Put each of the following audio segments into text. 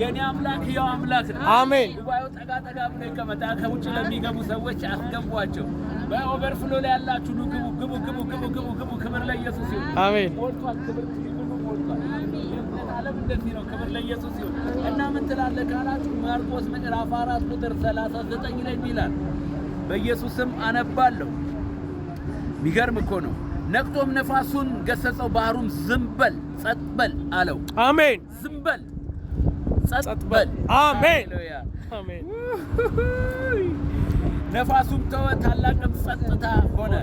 የኔ አምላክ ያው አምላክ ነው። አሜን። ጉባኤው ጠጋ ጠጋ ብሎ ይቀመጣ። ከውጭ ለሚገቡ ሰዎች አስገቧቸው። በኦቨርፍሎ ላይ ያላችሁ ኑ፣ ግቡ፣ ግቡ፣ ግቡ፣ ግቡ፣ ግቡ፣ ግቡ። ክብር ለኢየሱስ ይሁን። አሜን። ሞልቷል። ክብር ዓለም እንደዚህ ነው። ክብር ለኢየሱስ ይሁን እና ምን ትላለህ ካላችሁ ማርቆስ ምዕራፍ አራት ቁጥር ሰላሳ ዘጠኝ ላይ ይላል በኢየሱስም አነባለሁ። የሚገርም እኮ ነው። ነቅቶም ነፋሱን ገሰጸው፣ ባህሩም ዝም በል ጸጥ በል አለው። አሜን። ዝም በል ጸጥ በል አሜን። ነፋሱም ተወ፣ ታላቅም ጸጥታ ሆነ።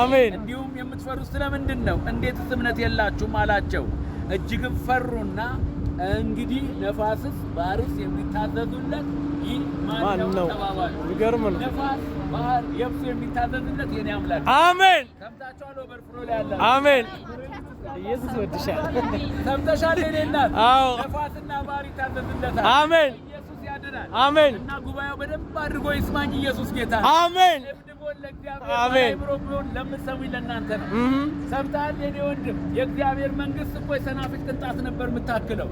አሜን። እንዲሁም የምትፈሩ ስለምንድን ነው? እንዴትስ እምነት የላችሁም አላቸው። እጅግም ፈሩና እንግዲህ ነፋስስ ባህርስ የሚታዘዙለት ይህ ማን ነው ይገርም ነው። ነፋስ፣ ባህር፣ የብስ የሚታዘዙለት የኔ አምላክ። አሜን። ሰምታችኋል። ኦቨርፍሎ ላይ ያለ አሜን ኢየሱስ ይወድሻል። ሰምተሻል? የእኔ እናት ነፋስና ባህር ይታዘዝለታል። አሜን። ኢየሱስ ያድናል። አሜን። እና ጉባኤው በደንብ አድርጎ ይስማኝ። ኢየሱስ ጌታ። አሜን። ለእግዚአብሔር ለምትሰሙኝ ለእናንተ ነው። ሰምተሃል የእኔ ወንድም? የእግዚአብሔር መንግስት እኮ የሰናፍጭ ቅንጣት ነበር የምታክለው።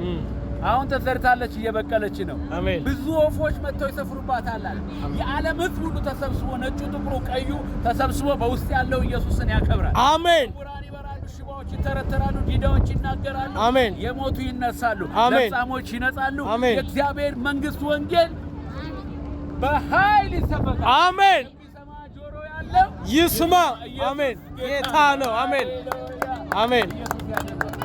አሁን ተዘርታለች፣ እየበቀለች ነው። ብዙ ወፎች መጥተው ይሰፍሩባታል። የዓለም ሕዝብ ሁሉ ተሰብስቦ ነጩ፣ ጥቁሩ፣ ቀዩ ተሰብስቦ በውስጥ ያለው ኢየሱስን ያከብራል። አሜን ዲዳዎች ይተረተራሉ፣ ዲዳዎች ይናገራሉ። አሜን። የሞቱ ይነሳሉ፣ ለምጻሞች ይነጻሉ። የእግዚአብሔር መንግስት ወንጌል በኃይል ይሰበካል። አሜን። ይስማ። አሜን። ጌታ ነው። አሜን። አሜን።